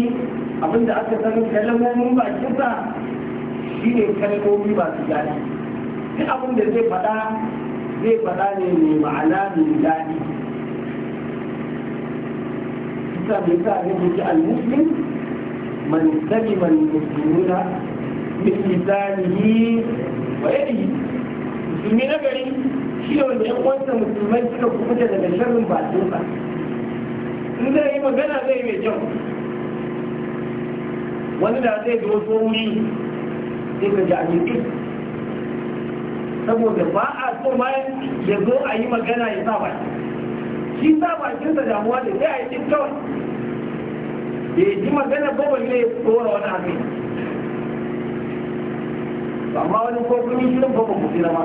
abinda aka san kalmomin ba kisa shi ne kalmomi ba su daɗi duk abin da zai faɗa zai faɗa ne mai ma'ana mai daɗi kisa mai sa ne al-muslim man sani man musulmuna bisizanihi wa yadihi musulmi na gari shi ne wanda yan uwansa musulmai suka daga sharrin bakinsa in zai yi magana zai mai kyau wani da zai zo so wuri ka ji saboda ba a so ma ya zo a yi magana ya sa baki shi sa damuwa da sai a yi kawai ya ji magana ba balle ya tsora wani abin amma wani ko kun yi shirin ba ku tsira ba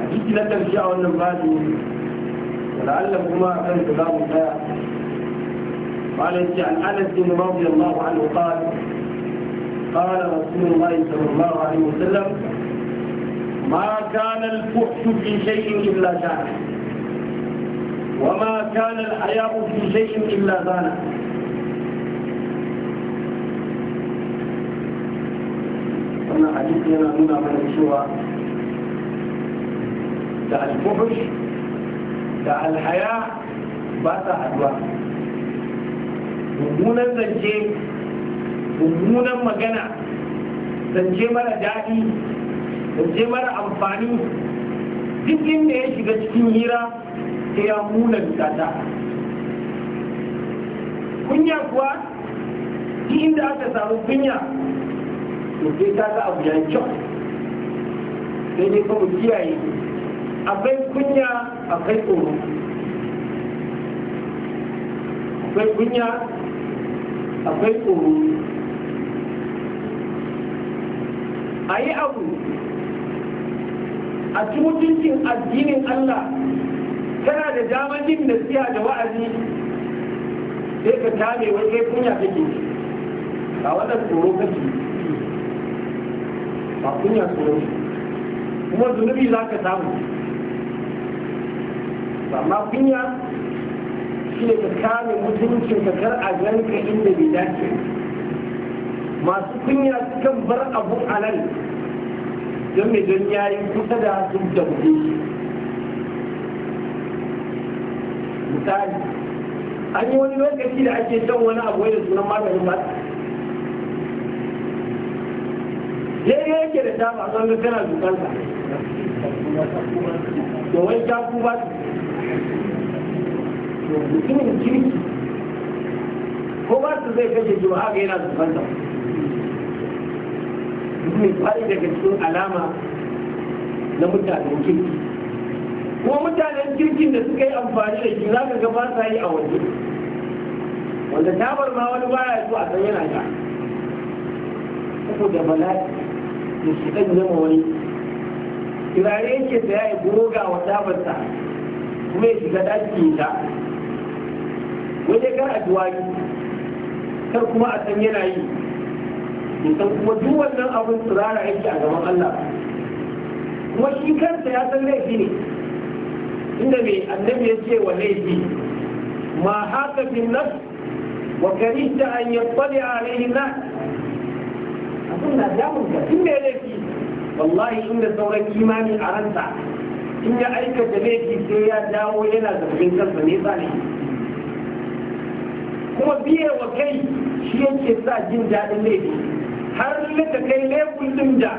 hadisi na ƙarshe a wannan babu ولعل كما كان كلام عن انس رضي الله عنه قال قال رسول الله صلى الله عليه وسلم ما كان الفحش في شيء الا شعر وما كان الحياء في شيء إلا بان wannan hadisi yana nuna mana cewa da alfuhush da alhaya ba sa haduwa mummunan zance mummunan magana zance mara daɗi zance mara amfani duk inda ya shiga cikin hira sai ya muna bukata kunya kuwa duk inda aka samu kunya to sai ta ga abu ya kyau sai dai kuma kiyaye akwai kunya akwai tsoro akwai kunya akwai tsoro a yi abu a ci mutuncin addinin Allah kana da damar yin nasiha da wa'azi sai ka kame wai kai kunya take ba wannan tsoro kake ba kunya tsoro kuma zunubi za ka samu amma kunya shi ne ka kame mutuncin ka kar a ganka inda bai dace masu kunya sukan bar abu a nan don mai don yayin kusa da sun da shi misali an yi wani lokaci da ake shan wani abu da sunan maganin ba daidai yake da taba don ga kana dukansa to wai ta ku ba mutumin kirki ko ba su zai kashe jiwa ga yana dukansa mutumin kwari daga cikin alama na mutane kirki ko mutanen kirkin da suka yi amfani da shi za ka ga ba sa yi a waje wanda tabar ma wani baya so a san yana ga da bala'i da shi ɗan zama wani kirare yake da ya goga wa tabarsa kuma ya shiga ɗaki ta wajen kar a duwaki kar kuma a san yana yi san kuma duk wannan abin tsirara yake a gaban Allah kuma shi kansa ya san laifi ne inda mai annabi ya ce wa laifi ma haka bin nas wa karista an yattali alaihi na abin na damun ka in mai laifi wallahi inda sauran imani a ransa in ya aikata laifi sai ya dawo yana zargin kansa ne tsane kuma biye wa kai shi yake sa jin daɗin laifi har lita kai laifin din da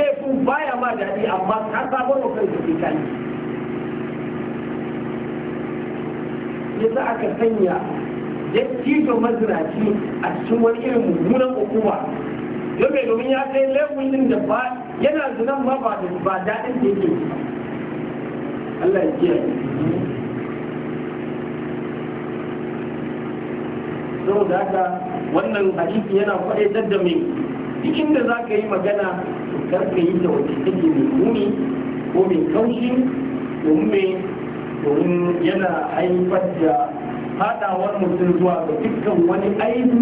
laifin baya ma daɗi amma ka sabon wa kai sai ka yi ya za aka sanya dattijo mazirafi a cikin wani irin mummunan hukuma don domin ya kai laifin da ba yana zunan ma ba daɗin da yake Allah ya kiyaye saboda haka wannan hadisi yana faɗaitar da mai cikin da za ka yi magana karka yi da wata take mai muni ko mai kaushi ko mai domin yana haifar da haɗawar mutum zuwa ga dukkan wani aibu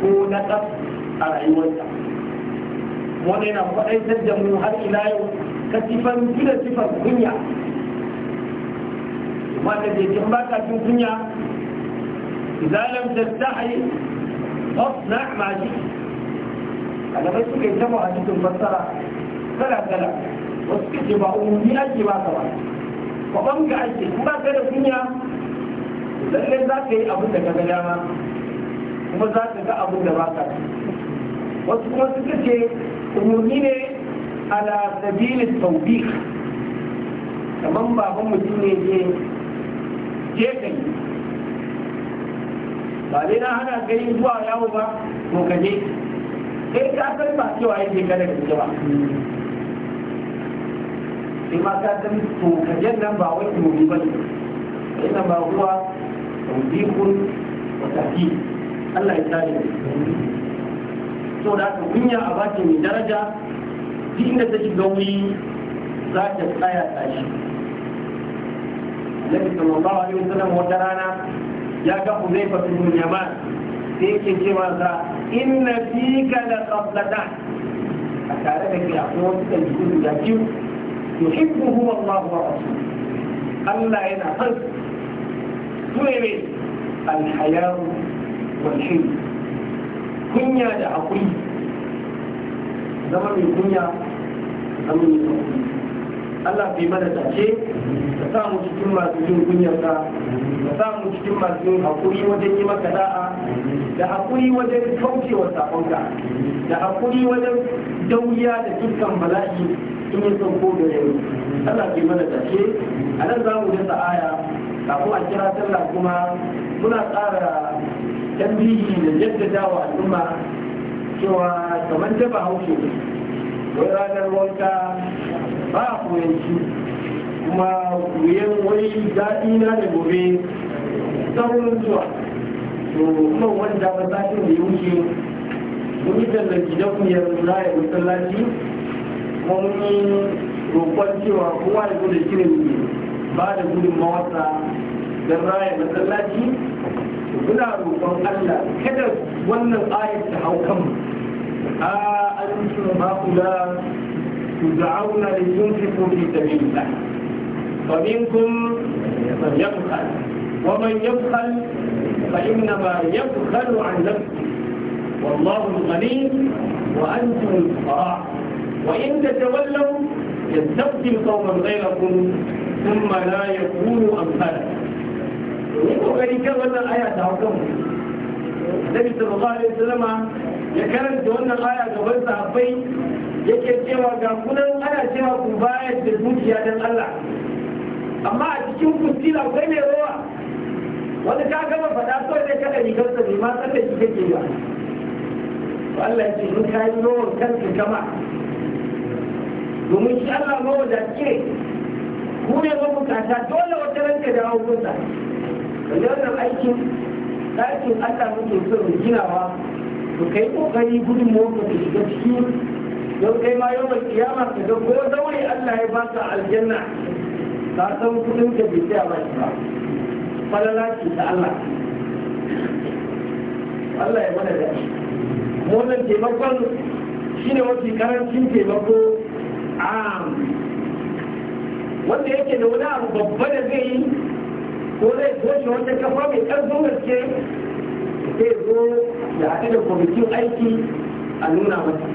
ko na a rayuwarsa wani yana kwaɗaitar da mu har ila yau ka sifan gina sifan kunya wanda ke kin baka cin kunya zalam tastahi fasna ma shi a bai suka yi tabo a cikin fassara kala kala wasu kake ba umumi ake baka ba kwaban ga ake kuma ka da kunya lallai za ka yi abin da ga dama kuma za ka ga abin da ba ka wasu kuma suka ce umarni ne ala sabilin tawbiq kamar baban mutum ne ke je ka yi ba dai na hana ka yi zuwa yawo ba ko ka je sai ka san ba cewa yake kada ka je ba sai ma ka san to kajen nan ba wai domin ba ne ina ba kuwa tawdikun wa tafi Allah ya tsare da haka kunya a baki mai daraja duk inda ta shiga wuri za ta tsaya tashi Annabi sallallahu alaihi wasallam wata rana ya ga Uzaifa bin Yaman sai yake cewa za inna fika la qablatan a tare da ke akwai wasu ɗan jikin da yuhibbuhu Allah wa rasuluhu Allah yana son su ne alhayaru wal hilm kunya da hakuri zama mai kunya Allah bai mana dace ka sa mu cikin masu yin kunyarka ka sa mu cikin masu yin hakuri wajen yi maka da'a da hakuri wajen kaucewa sakonka da hakuri wajen dauriya da dukkan bala'i in ya ko da yau Allah ke mana tace a nan za mu dasa aya kafin a kira sallah kuma muna tsara tambihi da jaddadawa al'umma cewa kamar ta bahaushe wai ranar wanka ba a koyanci kuma wuyan wai daɗi na da gobe saurin zuwa to kuma wanda ba satin da ya wuce mun yi tallar gidan kuyar raya masallaci mun roƙon cewa kowa ya gudu shirin ne ba da gudun mawasa don raya masallaci muna roƙon Allah kada wannan ayat ta hau kanmu a antum haula tuz'auna li tunfiqu fi sabilillah fa minkum man yabkhal wa man yabkhal fa innama yabkhalu والله الغني وانتم الفقراء وإن تتولوا يستبدل قوما غيركم ثم لا يكونوا أمثالكم kokari kan wannan aya ta hakan Nabi sallallahu alaihi ya karanta wannan aya gaban sahabbai yake cewa ga kunan ana cewa ku bayar da zuciya dan Allah amma a cikin kusila akwai mai rawa wani ka gama faɗa so ne kada rigar sa bai ma san da shi kake ba Allah ya ce mun kai rawan kanka kama domin shi Allah wa mawadace ku ne bukata dole wata ranka da hukunta wanda wannan aikin ɗakin Allah muke so mu ginawa ku kai kokari gudun mota ku shiga ciki don kai ma yau mai kiyama ka ga ko zaure Allah ya baka aljanna ka san kudin ka bai tsaya ba shi ba falala ce ta Allah Allah ya mana da shi wannan taimakon shine wata karancin taimako am wanda yake da wani abu babba da zai yi ko zai shi wata kafa mai karfin gaske zai zo ya haɗu da kwamitin aiki a nuna mata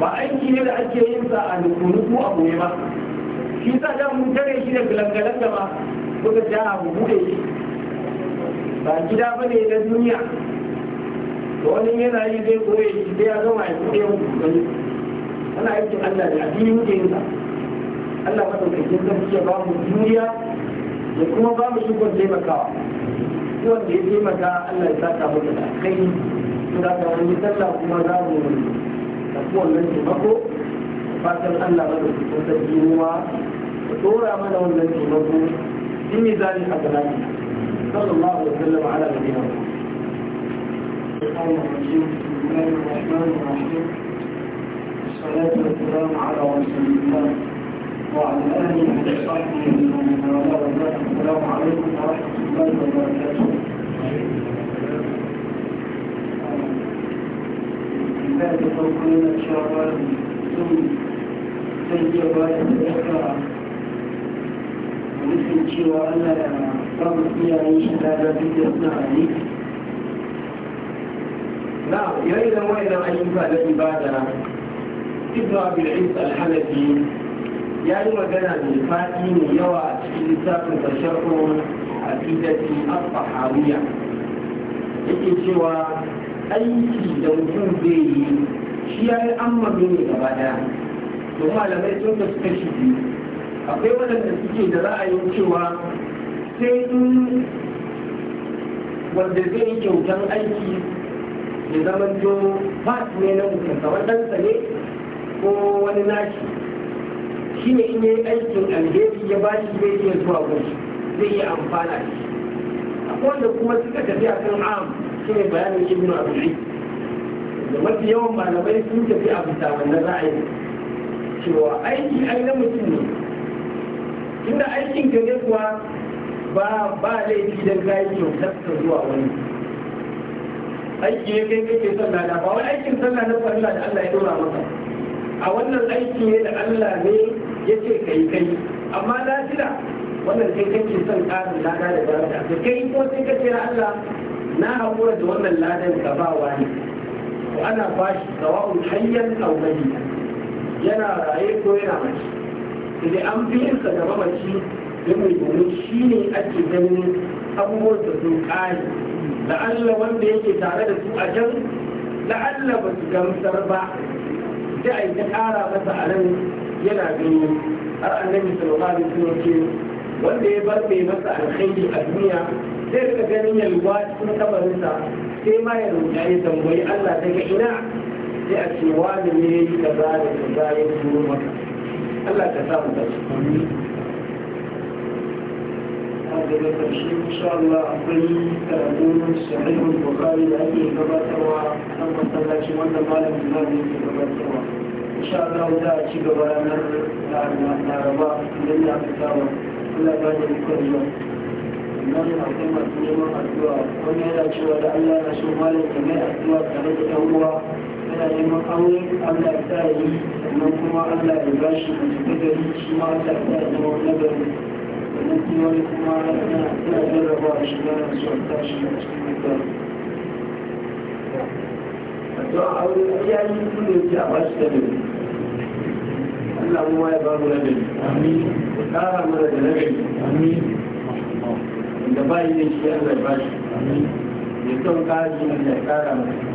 ba aiki ne da ake yin sa a nuku a goye ba shi sa da mun tare shi da galangalan ba kuka ja abu bude shi ba gida ba ne na duniya da wani yana yi zai koye shi sai ya gama ya kuɗe mu ana aikin Allah da addini muke yin sa Allah madaukakin sarki ya ba mu juriya da kuma ba mu shukun taimakawa wanda ya taimaka Allah ya saka mu da kai to da ka wani sallah kuma za mu tafi wannan taimako fatan Allah madaukakin ta ruwa ya dora mana wannan taimako in a galaki sallallahu alaihi wasallam ala nabiyina Allahumma salli ala Muhammad wa ala والصلاة والسلام على رسول الله وعلى آله وصحبه ومن والاه السلام عليكم ورحمة الله وبركاته. بعد تقويم شوال ثم تجربة الأخرى ونسي cewa Allah babu iyayen shi da rabin da suna na yayin ما إذا ayyuka na ibada ibn abin isa alhanafi ya yi magana mai faɗi mai yawa a cikin littafin tasharhun aqidati al-tahawiyya yake cewa aiki da mutum zai yi shi ya yi amma ne gaba ɗaya. to malamai sun ka suka biyu akwai waɗanda suke da ra'ayin cewa sai in wanda zai yi kyautan aiki ya zama to ne na mutum kamar ɗansa ne ko wani naci shi ne in yi aikin alheri ya ba shi zai iya zuwa gunshi zai iya amfana shi akwai wanda kuma suka tafi a kan am shi ne bayanin ibn abdulai da mafi yawan malamai sun tafi a bisa wannan ra'ayi cewa aiki ai na mutum ne inda aikin ka ne kuwa ba ba laifi don kayi kyautar ka zuwa wani aiki ne kai kake sallah da ba wani aikin sallah na farilla da Allah ya dora maka a wannan aiki ne da Allah ne ya ce kai kai amma lafiya wannan kai kake son ƙarin lada da daraja da kai ko sai ka ce Allah na haƙura da wannan ladan ka ba wani to ana bashi tsawon hayyan aw yana raye ko yana mace idan an fi yin sa gaba mace domin domin shi ne ake ganin abubuwan da sun ƙari la'alla wanda yake tare da su a can la'alla ba su gamsar ba sai a yi ta ƙara masa a nan yana gani har annabi sallallahu alaihi wasallam ce wanda ya bar mai masa alkhairi a duniya sai ka ganin yalwa cikin kabarinsa sai ma ya roƙa ya tambayi Allah daga ina sai a ce wani ne ya yi kaza da kaza ya turo maka Allah ka samu da shi daga ƙarshe insha Allah akwai karatun sahihul bukhari da ake gabatarwa nan masallaci wanda malam Ibrahim yake gabatarwa insha za a ci gaba Laraba idan da aka saba Allah ba da ikon zuwa nan akwai masu neman addu'a wani yana cewa da Allah na so malam ta mai addu'a tare da ɗan uwa yana neman aure Allah ta yi sannan kuma Allah ya bashi mutum gari shi ma Allah ya sa ya zama nagari Allah kuma ya ba mu nagari. Amin. Ku ƙara mana da nagari. Amin. Da bayi ne shi Allah ya ba shi. Amin. Ya son ƙari Allah ya ƙara mana.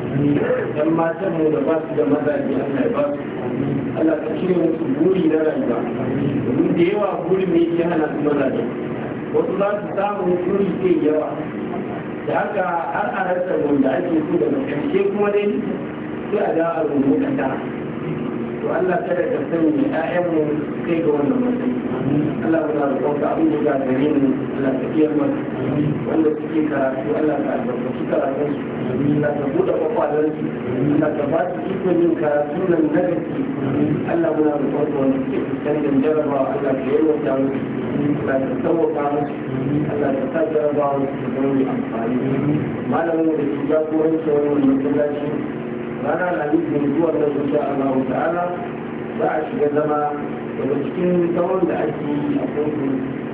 yan matan mu da ba su da mazaje Allah ya ba su Allah ka cire musu buri na rayuwa domin da yawa buri ne ke hana su mazaje wasu za su samu buri ke yawa da haka har a rasa wanda ake so daga ƙarshe kuma dai sai a da a rubuta to Allah kada ka sanya ƴaƴan mu kai ga wannan matsayi Allah muna roƙon ka abin da ga gare mu Allah ka iya mana wanda suke karatu Allah ka albarkaci karatun su Allah ka buɗe kwakwalen su Allah ka ba su ikon yin karatu nan na gaske Allah muna roƙon ka wanda suke fuskantar jarabawa Allah ka yalwata musu Allah ka sauwaka musu Allah ka sa jarabawa su zama mai amfani malamin da ke jagorancin wannan masallaci rana na nufin zuwa da insha Allah ta'ala za a shiga zama daga cikin tsawon da ake yi a kotu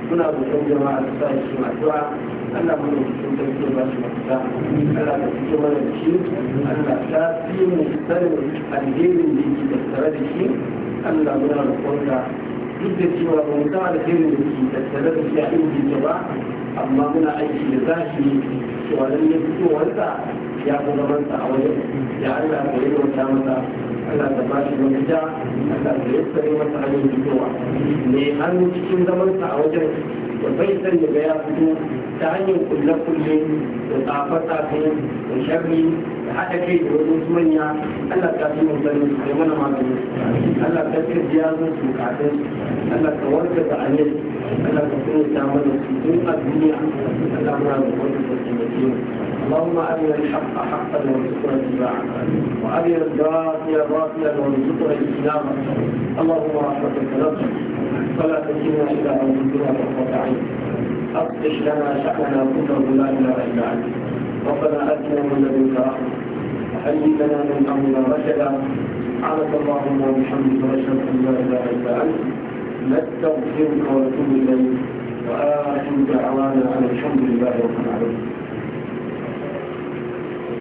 suna roƙon jama'a da sa shi addu'a Allah mu da cikin sarki ba shi mafita Allah ka fito mana da shi Allah ta fi mu sanin alherin da yake tattare da shi Allah muna roƙon ka duk da cewa ban san alherin da yake tattare da shi a inda ba amma muna aiki da zahiri cewa fito fitowarsa ya fi gabansa a wajen ya Allah ka yi wata mata Allah ta ba shi ja Allah ta yassare masa hanyar fitowa ne hannu cikin zamansa a wajen وبيتر يبياته تعنيه كل كل وطافتا فين وشبي حتى كي يقولون سمنيا ألا تأتيه مبنى سيمنا ما بني ألا تأتيه جياز مكاتل ألا تورك تعنيه ألا تكون تعمل في دنيا ألا مرحبا بقوة تسلمتين اللهم أرنا الحق حقا وارزقنا اتباعه وأرنا الباطل باطلا وارزقنا اجتنابه اللهم رحمتك نرجو فلا تكلنا إلى أنفسنا طرفة عين أصلح لنا شأننا كله لا إله إلا أنت ربنا آتنا من لدنك رحمة وهيئ لنا من أمرنا رشدا سبحانك اللهم وبحمدك نشهد أن لا إله إلا أنت نستغفرك ونتوب إليك وآخر دعوانا أن الحمد لله رب العالمين